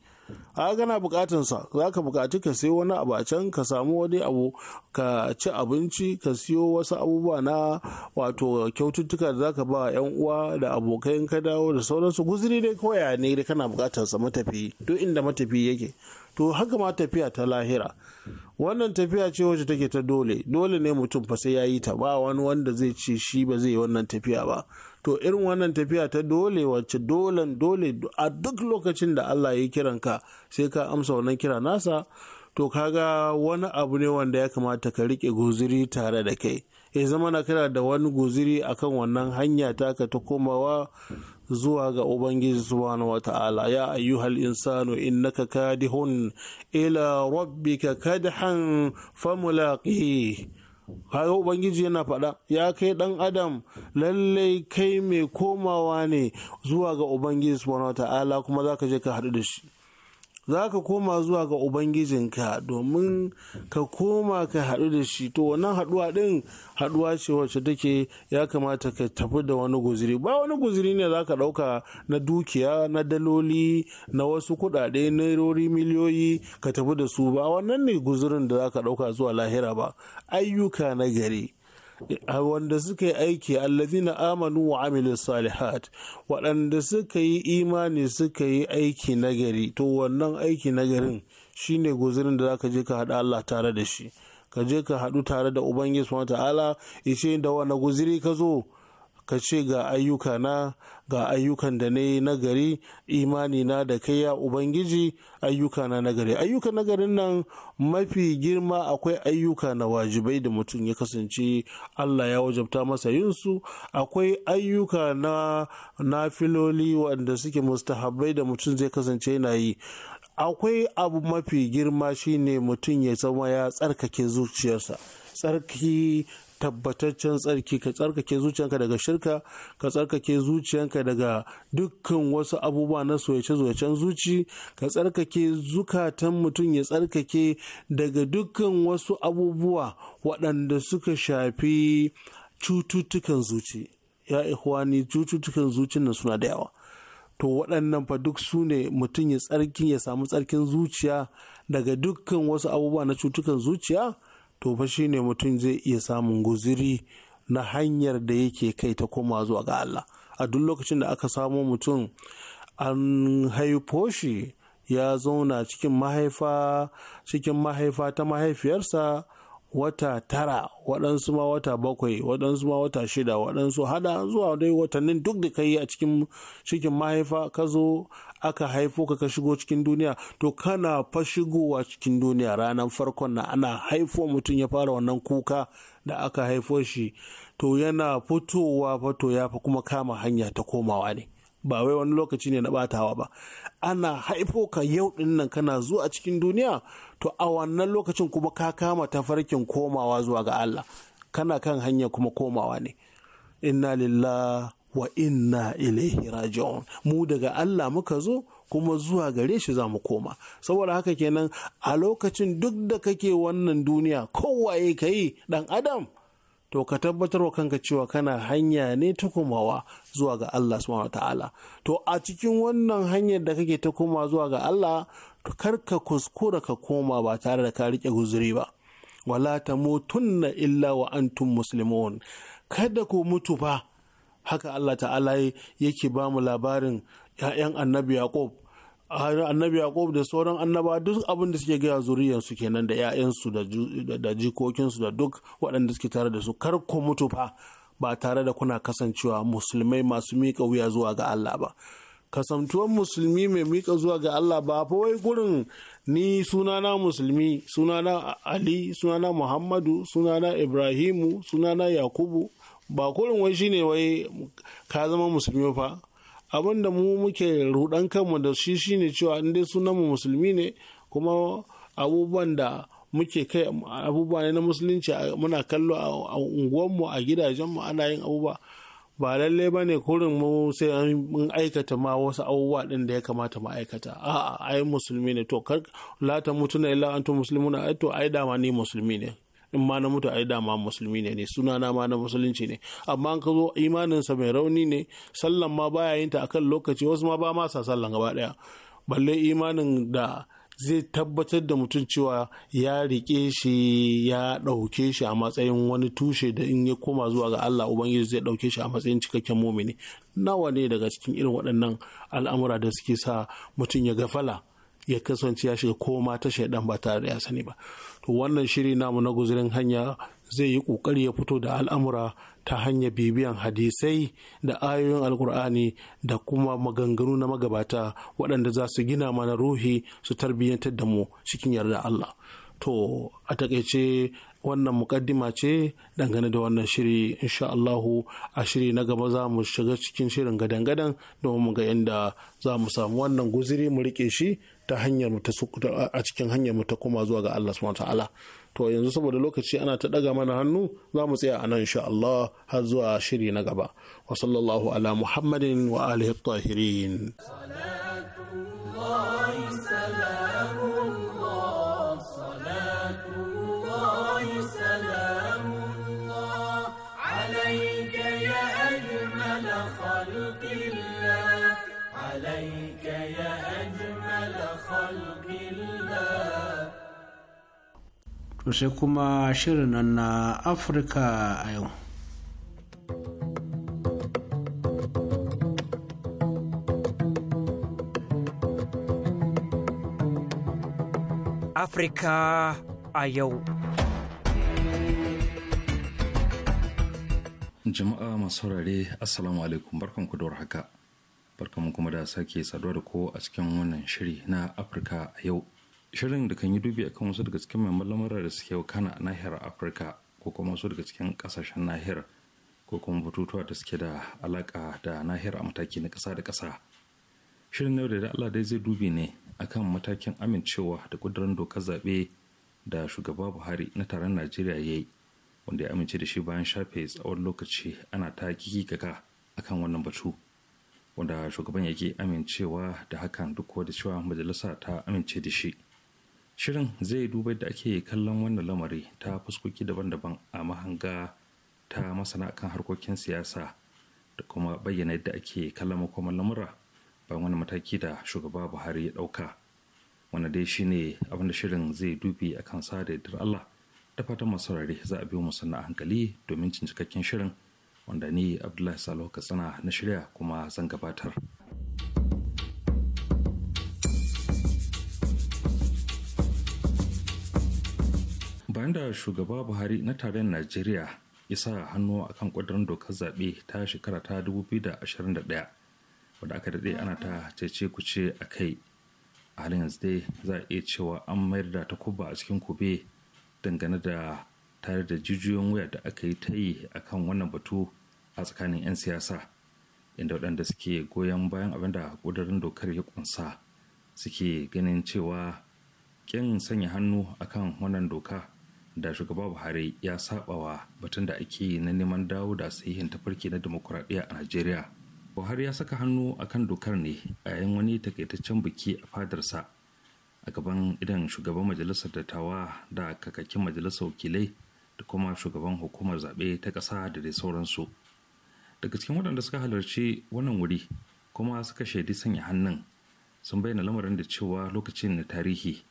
a kana bukatunsa sa za ka bukaci ka siyo wani abu a can ka samu wani abu ka ci abinci ka siyo wasu abubuwa na wato kyaututtuka da za ka ba yan uwa da abokan ka dawo da sauransu guzuri dai koya ne da kana bukatar sa matafi duk inda matafi yake to haka ma tafiya ta lahira wannan tafiya ce wacce take ta dole dole ne mutum fa sai ya yi ta ba wani wanda zai ce shi ba zai yi wannan tafiya ba to irin wannan tafiya ta dole wacce dolen dole a duk lokacin da Allah ya kiran ka sai ka amsa wannan kira nasa to kaga wani abu ne wanda ya kamata ka rike guziri tare da kai ya zama na kana da wani guziri akan wannan hanya taka ta komawa zuwa ga ubangiji subhanahu ta'ala ya ayyuhal insanu innaka kadihun ila rabbika kadhan famulaqih kaga ubangiji yana faɗa ya kai ɗan adam lallai kai mai komawa ne zuwa ga ubangiji subhanahu wa ta'ala kuma za ka je ka haɗu da shi za ka koma zuwa ga ubangijinka domin ka koma ka haɗu da shi to wannan haɗuwa ɗin haɗuwa ce wacce take ya kamata ka tafi da wani guziri ba wani guziri ne za ka ɗauka na dukiya na daloli na wasu kuɗaɗe rori miliyoyi ka tafi da su ba wannan ne guzirin da za ka ɗauka zuwa lahira ba ayyuka na gari wanda suka yi aiki allazina amanu wa amilin salihat waɗanda suka yi imani suka yi aiki nagari to wannan aiki nagarin shine guzirin da zaka je ka haɗa Allah tare da shi ka je ka haɗu tare da ubangiji subhanahu ta'ala ishe da wani guziri ka zo ka ce ga ayyuka na ga ayyukan da na yi nagari imani na da kai ya ubangiji ayyuka na nagari ayyuka nagarin nan mafi girma akwai ayyuka na wajibai da mutum ya kasance allah ya wajabta masa yinsu. akwai ayyuka na nafiloli wanda suke mustahabbai da mutum zai kasance yana yi akwai abu mafi girma shine mutum ya zama ya tsarkake zuciyarsa tsarki tabbataccen tsarki ka tsarkake zuciyanka daga shirka ka tsarkake zuciyanka daga dukkan wasu abubuwa na soyace zuwacen zuci ka tsarkake zukatan mutum ya tsarkake daga dukkan wasu abubuwa waɗanda suka shafi cututtukan zuci ya ni cututtukan zucin nan suna da yawa to waɗannan fa duk su ne mutum ya tsarkin ya samu tsarkin zuciya daga dukkan wasu abubuwa na cutukan zuciya to fa shine mutum zai iya samun guziri na hanyar da yake kai ta koma zuwa ga Allah a duk lokacin da aka samo mutum an haifo shi ya zauna cikin mahaifa cikin mahaifa ta mahaifiyarsa wata tara waɗansu ma wata bakwai waɗansu ma wata shida waɗansu hada zuwa dai watannin duk da ka yi a cikin cikin mahaifa ka zo aka haifo ka ka shigo cikin duniya to kana fa shigowa cikin duniya ranar farkon na ana haifo mutum ya fara wannan kuka da aka haifo shi to yana fitowa fa to ya fa kuma kama hanya ta komawa ne ba wai wani lokaci ne na batawa ba ana haifo ka yau din kana zuwa cikin duniya to a wannan lokacin kuma ka kama tafarkin komawa zuwa ga Allah kana kan hanya kuma komawa ne inna lillah wa inna ilaihi raji'un mu daga Allah muka zo kuma zuwa gare shi za mu koma saboda haka kenan a lokacin duk da kake wannan duniya kowaye ka yi dan adam to ka tabbatar wa kanka cewa kana hanya ne ta komawa zuwa ga Allah subhanahu ta'ala to a cikin wannan hanyar da kake ta koma zuwa ga Allah to kar ka kuskura ka koma ba tare da ka rike guzuri ba wala tamutunna illa wa antum muslimun kada ku mutu ba haka Allah ta'ala yake ba mu labarin ‘ya'yan annabi Yaqub. annabi yaqub da sauran annaba duk abin da suke gaya zuriyarsu kenan da 'ya'yansu da jikokinsu da duk waɗanda suke tare da su kar ku mutu fa ba tare da kuna kasancewa musulmai masu miƙa wuya zuwa ga Allah ba kasantuwan musulmi mai miƙa zuwa ga Allah ba fa wai gurin ni sunana musulmi sunana ali sunana muhammadu sunana ibrahimu sunana yakubu ba kurin wai shine wai ka zama musulmi fa abin da mu muke rudan kanmu da shi shine cewa in dai sunanmu musulmi ne kuma abubuwan da muke kai abubuwa ne na musulunci muna kallo a unguwanmu a gidajenmu ana yin abubuwa ba lallai ba ne kurin mu sai an aikata ma wasu abubuwa din da ya kamata mu aikata a'a ai musulmi ne to kar la ta mutuna illa antum muslimuna ai to ai dama ni musulmi ne in ma na mutu ai dama musulmi ne ne suna na ma na musulunci ne amma an ka zo imaninsa mai rauni ne sallan ma baya yin ta akan lokaci wasu ma ba ma sa sallan gaba daya balle imanin da zai tabbatar da mutum cewa ya rike shi ya ɗauke shi a matsayin wani tushe da in ya koma zuwa ga Allah Ubangiji zai ɗauke shi a matsayin cikakken mumini nawa ne daga cikin irin waɗannan al'amura da suke sa mutum ya gafala ya kasance ya shiga koma ta shaidan ba tare da ya sani ba to wannan shiri namu na guzurin hanya zai yi kokari ya fito da al'amura ta hanyar bibiyan hadisai da ayoyin alkur'ani da kuma maganganu na magabata waɗanda za su gina mana ruhi su tarbiyyantar da mu cikin yarda Allah to a takaice wannan mukaddima ce dangane da wannan shiri insha Allahu a shiri na gaba za mu shiga cikin shirin gadan-gadan domin mu ga inda za mu samu wannan guziri mu rike shi ta hanyar ta a cikin hanyar mu ta koma zuwa ga Allah subhanahu ta'ala to yanzu saboda lokaci ana ta daga mana hannu za mu tsaya a nan insha Allah har zuwa shiri na gaba wa sallallahu ala muhammadin wa alihi tahirin to sai kuma shirin nan na afirka a yau Afirka a yau. Jama'a masu saurare Assalamu alaikum barkanku da haka Barkanmu kuma da sake saduwa da ko a cikin wannan shiri na Afirka a yau. shirin da kan yi dubi akan wasu daga cikin mai lamura da suke wakana a nahiyar afirka ko kuma wasu daga cikin kasashen nahiyar ko kuma batutuwa da suke da alaka da nahiyar a mataki na kasa da kasa shirin yau da da allah dai zai dubi ne akan matakin amincewa da kudurin dokar zaɓe da shugaba buhari na taron najeriya ya yi wanda ya amince da shi bayan shafe tsawon lokaci ana ta kikikaka akan wannan batu wanda shugaban yake amincewa da hakan duk da cewa majalisa ta amince da shi shirin zai duba da ake kallon wannan lamari ta fuskoki daban-daban a mahanga ta masana kan harkokin siyasa da kuma bayyana yadda ake kallon makoman lamura bayan wani mataki da shugaba buhari ya ɗauka wanda dai shine abin da shirin zai dubi a kan sa da allah da fatan masu za a biyo mu hankali domin cikakken shirin wanda ni abdullahi salo katsina na shirya kuma zan gabatar. bayan da shugaba buhari na tarayyar najeriya ya sa hannu a kan ƙudurin dokar zaɓe ta shekara ta 2021 wadda aka daɗe ana ta cece kuce a kai a halin yanzu dai za a iya cewa an mayar da ta takuba a cikin kube dangane da tare da jijiyoyin wuya da aka yi ta yi a kan wannan batu a tsakanin 'yan siyasa inda waɗanda suke goyon bayan abin da ƙudurin dokar ya ƙunsa suke ganin cewa ƙin sanya hannu akan wannan doka da shugaba buhari ya sabawa batun da ake yi na neman dawo da sahihin tafarki na demokuraɗiyya a najeriya buhari ya saka hannu a kan dokar ne a yayin wani takaitaccen biki a fadarsa a gaban idan shugaban majalisar dattawa da kakakin majalisar wakilai da kuma shugaban hukumar zaɓe ta ƙasa da dai sauransu daga cikin waɗanda suka halarci wannan wuri kuma suka shaidi sanya hannun sun bayyana lamarin da cewa lokacin na tarihi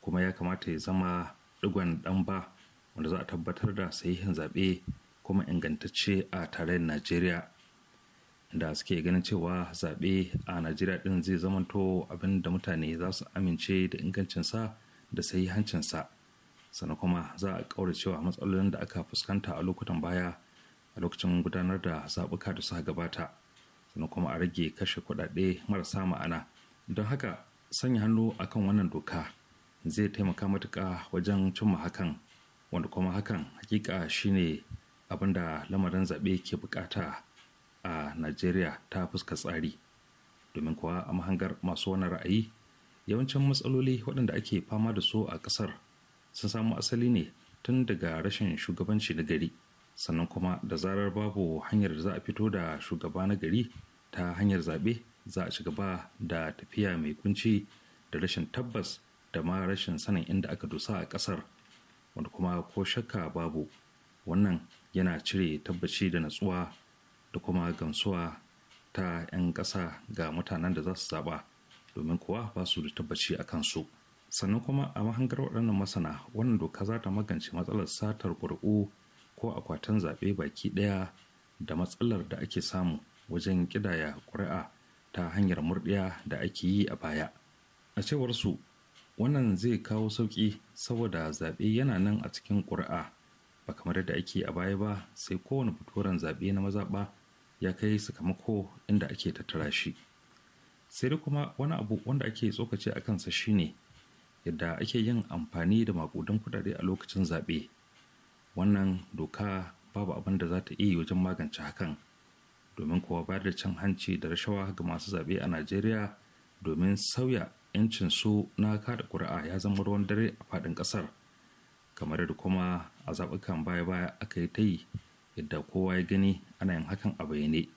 kuma ya kamata ya zama digon dan ba wanda za a tabbatar da sahihin zaɓe kuma ingantacce a tarayyar najeriya da suke ganin cewa zaɓe a najeriya ɗin zai zamanto abin da mutane za su amince da ingancinsa da sahihancinsa sannan kuma za a cewa matsalolin da aka fuskanta a lokutan baya a lokacin gudanar da zaɓuka da suka gabata sannan kuma a rage kashe kuɗaɗe marasa ma'ana don haka sanya hannu akan wannan doka zai taimaka matuƙa wajen cimma hakan wanda kuma hakan hakika shine abin da lamarin zaɓe ke bukata a najeriya ta fuska tsari domin kuwa a mahangar masu wani ra'ayi yawancin matsaloli waɗanda ake fama da su a ƙasar sun samu asali ne tun daga rashin shugabanci na gari sannan kuma da zarar babu hanyar da za a fito da shugaba na gari ta hanyar zaɓe za a ci gaba da tafiya mai kunci da rashin tabbas da ma rashin sanin inda aka dosa a ƙasar wanda kuma ko shakka babu wannan yana cire tabbaci da natsuwa da kuma gamsuwa ta 'yan ƙasa ga mutanen da za su zaɓa domin kuwa ba su da tabbaci a kansu sannan kuma a mahangar waɗannan masana wannan doka za ta magance matsalar satar ƙuri'u ko akwatin zaɓe baki ɗaya da matsalar da ake samu wajen ƙidaya ƙuri'a ta hanyar murɗiya da ake yi a baya a cewar su wannan zai kawo sauƙi saboda zaɓe yana nan a cikin ƙuri'a ba kamar yadda ake a baya ba sai kowane fitoran zaɓe na mazaɓa ya kai sakamako inda ake tattara shi sai dai kuma wani abu wanda ake tsokace a kansa shine yadda ake yin amfani da makudan kuɗaɗe a lokacin zaɓe wannan doka babu abin da za ta iya wajen magance hakan domin kuwa bayar da cin hanci da rashawa ga masu zaɓe a najeriya domin sauya 'yancin su na kada ƙuri'a ya zama ruwan dare a faɗin ƙasar kamar da kuma a zaɓukan baya-baya aka yi ta yi yadda kowa ya gani ana yin hakan a bayyane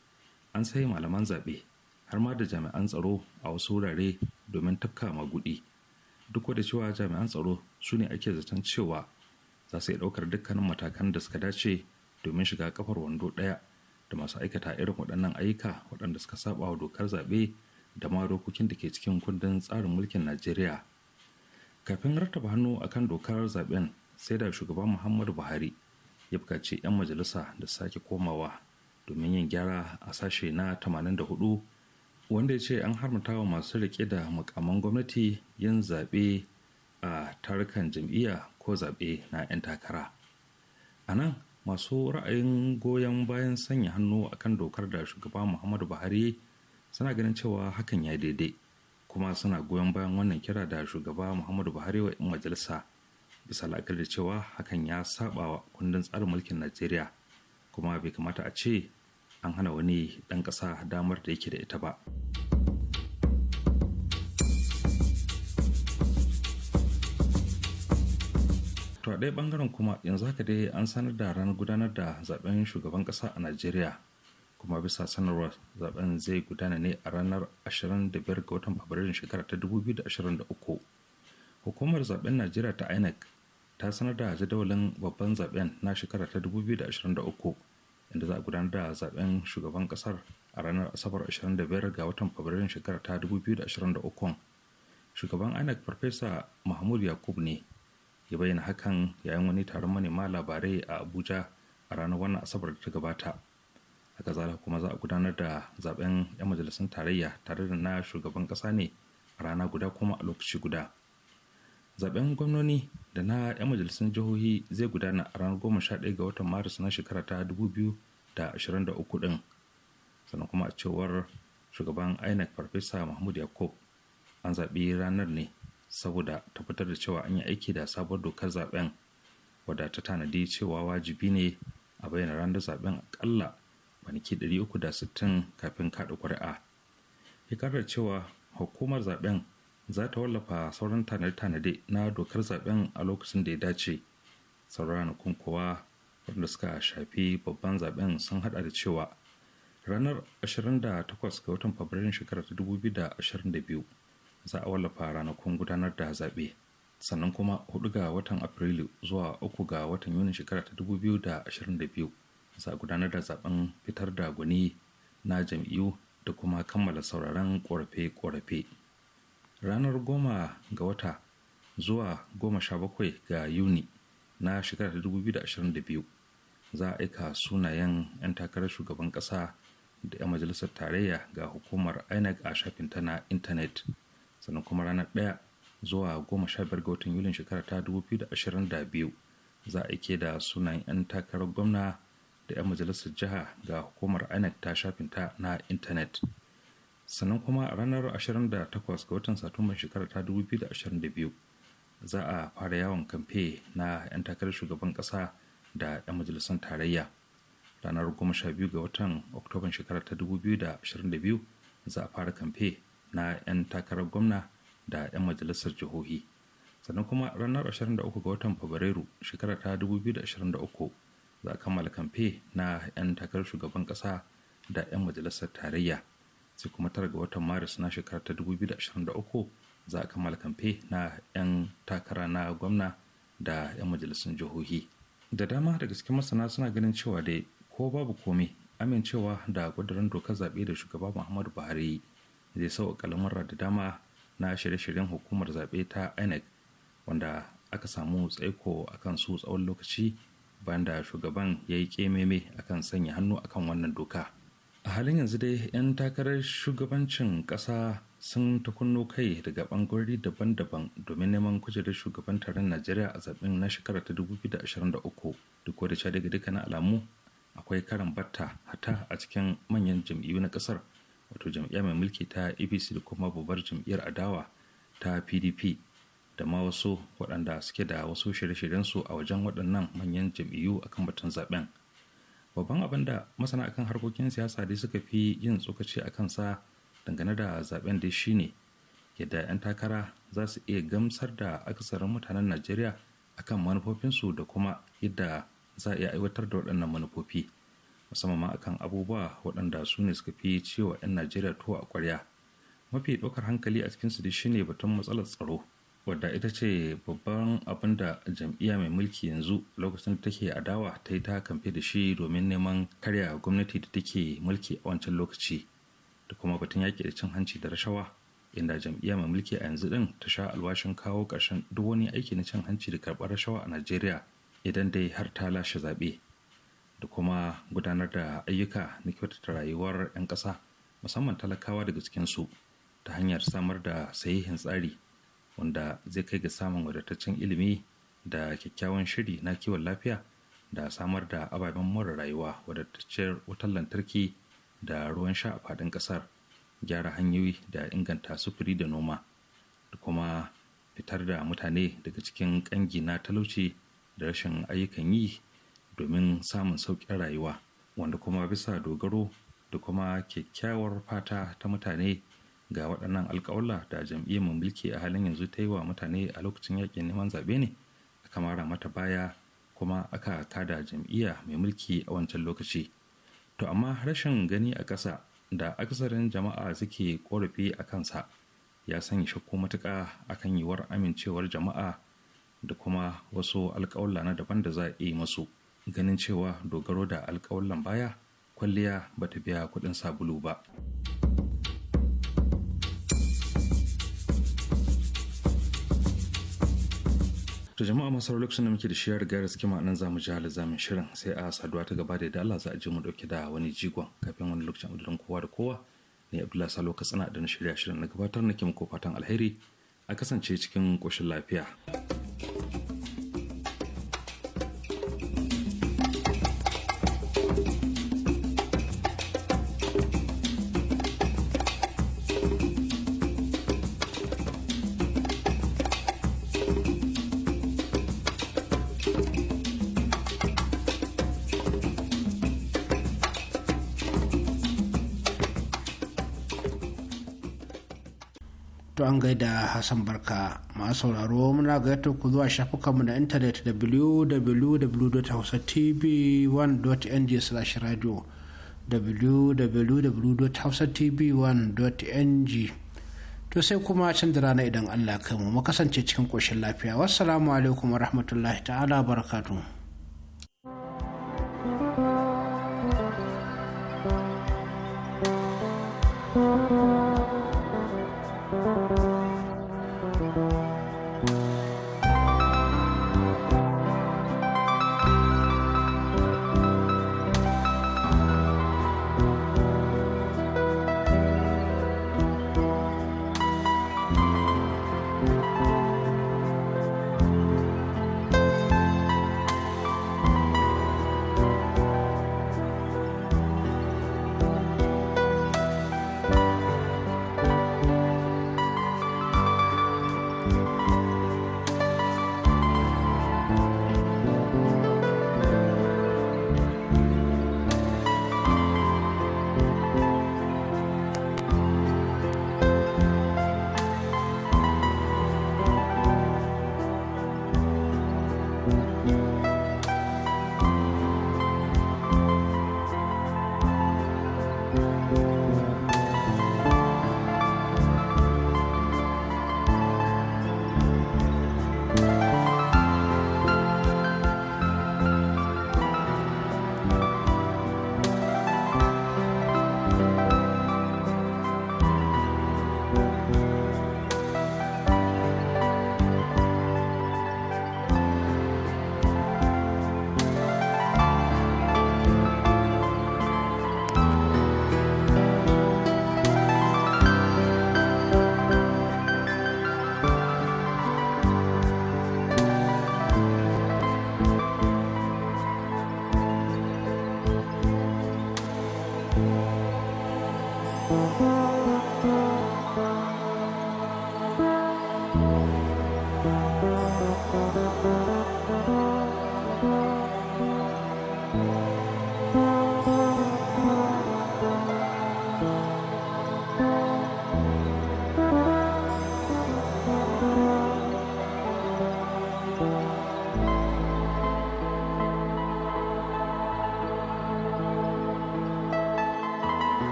an sai malaman zaɓe har ma da jami'an tsaro a wasu wurare domin tafka magudi duk da cewa jami'an tsaro su ne ake zaton cewa za su iya ɗaukar dukkanin matakan da suka dace domin shiga kafar wando ɗaya da masu aikata irin waɗannan ayyuka waɗanda suka saba wa dokar zaɓe da ma dokokin da ke cikin kundin tsarin mulkin najeriya kafin rattaba hannu akan dokar zaben sai da shugaban muhammadu buhari ya bukaci 'yan majalisa da sake komawa domin yin gyara a sashe na 84 wanda ya ce an harmata wa masu rike da mukamman gwamnati yin zaɓe a tarukan jam'iyya ko zaɓe na 'yan takara a nan masu ra'ayin goyon bayan sanya hannu akan dokar da shugaba muhammadu buhari suna ganin cewa hakan ya daidai kuma suna goyon bayan wannan kira da shugaba muhammadu buhari wa 'yan majalisa bisa la'akari da cewa hakan ya saba wa kundin tsarin mulkin najeriya kuma bai kamata a ce an hana wani dan kasa damar da yake da ita ba. to a ɗaya ɓangaren kuma yanzu haka dai an sanar da ranar gudanar da zaben shugaban ƙasa a najeriya kuma bisa sanarwar zaben zai gudana ne a ranar 25 ga watan fabrairun shekara ta 2023 hukumar zaben najeriya ta inec ta sanar da jadawalin babban zaben na shekara ta 2023 inda za a gudanar da zaben shugaban kasar a ranar asabar 25 ga watan fabrairun shekara ta 2023 shugaban inec farfesa mahmud yakub ne ya bayyana hakan yayin wani taron manema labarai a abuja a ranar wannan asabar da ta gabata haka zalika kuma za a gudanar da zaben 'yan majalisun tarayya tare da na shugaban kasa ne a rana guda kuma a lokaci guda zaben gwamnoni da na 'yan majalisun jihohi zai gudana a ranar ɗaya ga watan maris na shekara ta da 2023 din sannan kuma a cewar shugaban inec farfesa mahmud yakub an zaɓi ranar ne saboda tabbatar da cewa an yi aiki da sabuwar dokar zaben wadda ta tanadi cewa wajibi ne a bayyana ranar zaben akalla kwanaki 360 kafin kaɗa ƙuri'a ya ƙara cewa hukumar zaben za ta wallafa sauran tanade-tanade na dokar zaben a lokacin da ya dace sauran ranakun kowa wanda suka shafi babban zaben sun hada da cewa ranar 28 ga watan fabrairun shekarar 2022 za a wallafa ranakun gudanar da zaɓe sannan kuma 4 ga watan afrilu zuwa 3 ga watan yunin shekarar 2022 za gudanar da zaben fitar da guni na jam'iyyu da kuma kammala sauraron korafe-korafe ranar goma ga wata zuwa goma sha bakwai ga yuni na shekarar 2022 za a aika sunayen 'yan takarar shugaban ƙasa da 'yan majalisar tarayya ga hukumar inec a shafin ta na intanet sannan kuma ranar ɗaya zuwa goma sha biyar ga watan yulin shekarar ta 2022 za a aike da sunayen 'yan takarar gwamna da 'yan majalisar jiha ga hukumar inec ta shafinta na intanet sannan kuma a ranar 28 ga watan satumbar shekarar ta 2022 za a fara yawon kamfe na 'yan takarar shugaban kasa da 'yan majalisar tarayya ranar 12 ga watan oktoban shekarar ta 2022 za a fara kamfe na 'yan takarar gwamna da 'yan majalisar jihohi sannan kuma ranar 23 ga watan fabrairu shekarar ta 2023 za a kammala kamfe na 'yan takarar shugaban ƙasa da 'yan majalisar tarayya sai kuma tara ga watan maris na shekarar ta 2023 za a kammala kamfe na 'yan takara na gwamna da 'yan majalisun jihohi da dama daga cikin masana suna ganin cewa dai ko babu komai amincewa da kudurin dokar zaɓe da shugaba muhammadu buhari zai sau lamurra da dama na shirye-shiryen hukumar zaɓe ta inec wanda aka samu tsaiko a kan su tsawon lokaci banda shugaban ya yi kememe akan sanya hannu akan wannan doka a halin yanzu dai 'yan takarar shugabancin ƙasa sun ta tukunno kai daga bangarori daban-daban domin neman kujerar shugaban taron najeriya a zaɓen na shekara ta 2023 duk da cewa daga dukkanin alamu akwai karan batta hata a cikin manyan jam'iyyu na ƙasar wato jam'iyya mai mulki ta abc da kuma babbar jam'iyyar adawa ta pdp da ma wasu waɗanda suke da wasu shirye-shiryensu a wajen waɗannan manyan jam'iyyu akan batun zaɓen? babban abin da masana akan harkokin siyasa dai suka fi yin tsokaci a kansa dangane da zaɓen dai shine yadda 'yan takara za su iya gamsar da akasarin mutanen najeriya akan manufofinsu da kuma yadda za a iya aiwatar da waɗannan manufofi musamman ma akan abubuwa waɗanda su ne suka fi cewa 'yan najeriya tuwa a ƙwarya mafi ɗaukar hankali a cikinsu dai shine batun matsalar tsaro wadda ita ce babban abin da jam'iyya mai mulki yanzu lokacin da take adawa ta yi ta kamfe da shi domin neman karya gwamnati da take mulki a wancan lokaci da kuma batun yaƙi da cin hanci da rashawa inda jam'iyya mai mulki a yanzu din ta sha alwashin kawo ƙarshen duk wani aiki na cin hanci da karɓar rashawa a najeriya idan dai har ta lashe zaɓe da kuma gudanar da ayyuka na kyautata rayuwar 'yan ƙasa musamman talakawa daga cikinsu ta hanyar samar da sahihin tsari wanda zai kai ga samun wadataccen ilimi da kyakkyawan shiri na kiwon lafiya da samar da ababen more rayuwa wadataccen wutar lantarki da ruwan sha a faɗin ƙasar gyara hanyoyi da inganta sufuri da noma da kuma fitar da mutane daga cikin ƙangi na talauci da rashin ayyukan yi domin samun sauƙin rayuwa wanda kuma bisa dogaro da kuma kyakkyawar fata ta mutane ga waɗannan alƙawalla da jam'iyyar mai mulki a halin yanzu ta yi wa mutane a lokacin yakin neman zaɓe ne aka mara mata baya kuma aka kada jam'iyya mai mulki a wancan lokaci to amma rashin gani a ƙasa da aksarin jama'a suke ƙorafi a kansa ya sanya shakku matuƙa akan yiwuwar amincewar jama'a da kuma wasu alƙawalla na daban da za a yi masu ganin cewa dogaro da alƙawallan baya kwalliya ba ta biya kuɗin sabulu ba. To jama'a masu lokacin da muke da shiyar gayar suke ma'anan zamu ji halin zamin shirin sai a saduwa ta gaba da dala za a je mu dauke da wani jigon kafin wani lokacin adadin kowa da kowa ne Abdullahi Salo Katsina da na shirya shirin na gabatar ke muku fatan alheri a kasance cikin koshin lafiya. an an gaida Hassan Barka masu sauraro muna gaita ku zuwa shafukanmu na intanet www.hausatv1.ng/radio www.hausatv1.ng to sai kuma can da rana idan Allah kai mu mu kasance cikin koshin lafiya wassalamu alaikum wa rahmatullahi ta'ala barakatuhu